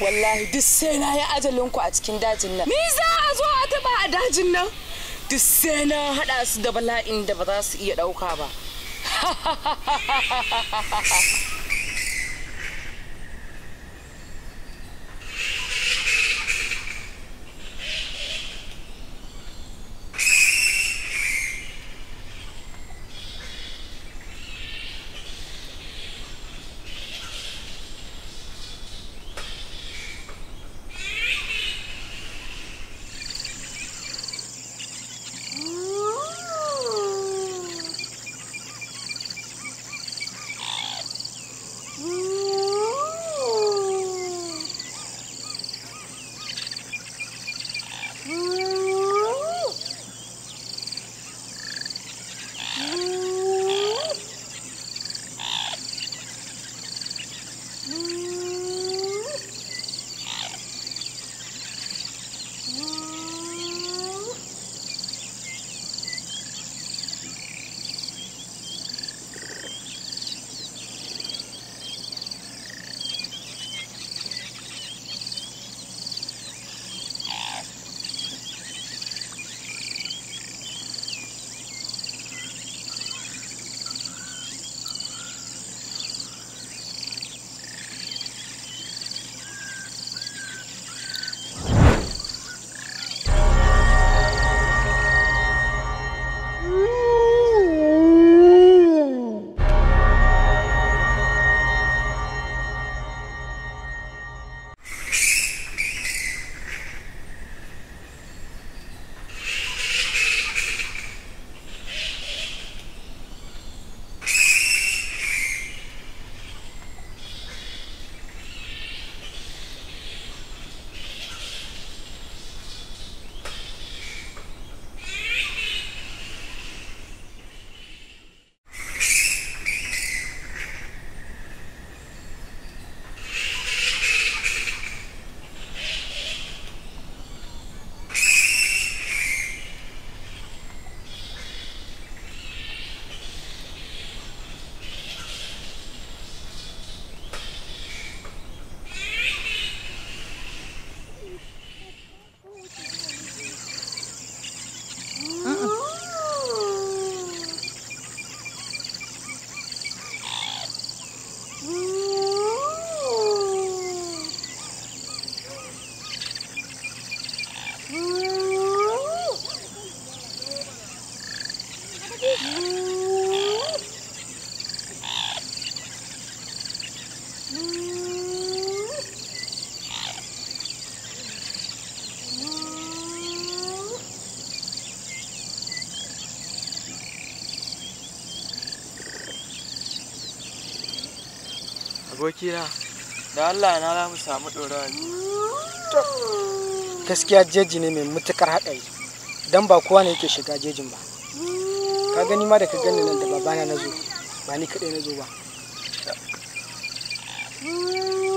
wallahi duk sai na yi ajalinku a cikin dajin nan ni za a zo a taba a dajin nan duk sai na haɗa su da bala'in da ba za su iya ɗauka ba abokina da Allah na za mu samu ɗorawa gaskiya jeji ne mai mutukar haɗari don ba kowa ne yake shiga jejin ba ka gani ma da ka gani nan da babana na ba ni kaɗai na zo ba Hum.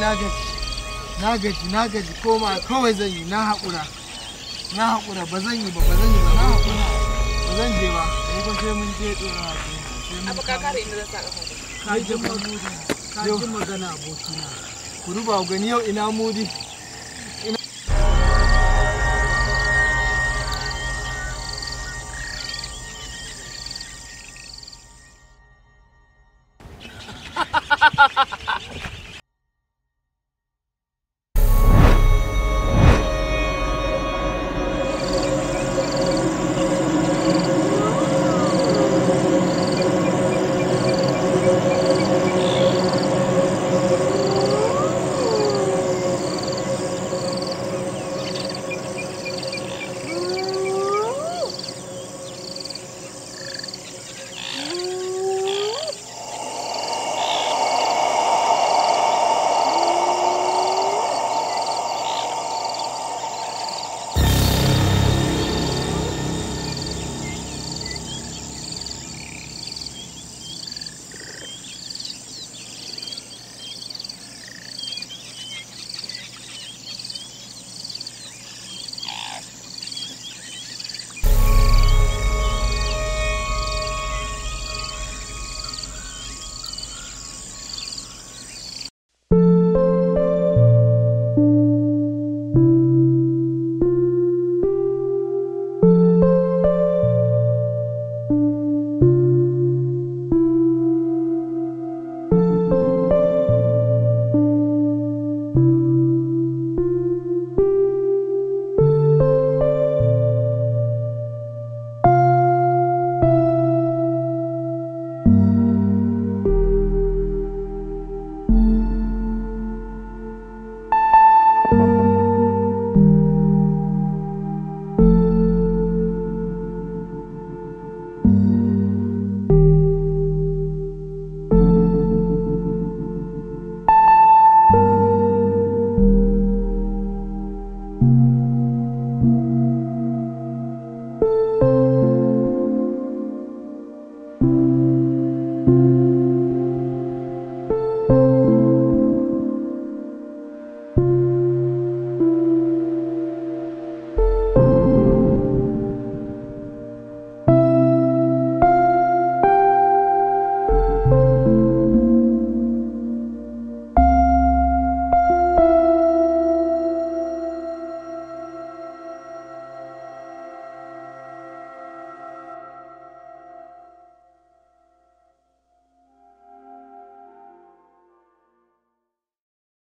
na gaji na gaji na gaji koma kawai zan yi na haƙura na haƙura ba zan yi ba ba zan yi ba na haƙura ba zan je ba sai ko sai mun je ɗora a abu ka kare inda zan sa ƙafa ka ji magana abokina ku duba gani yau ina mudi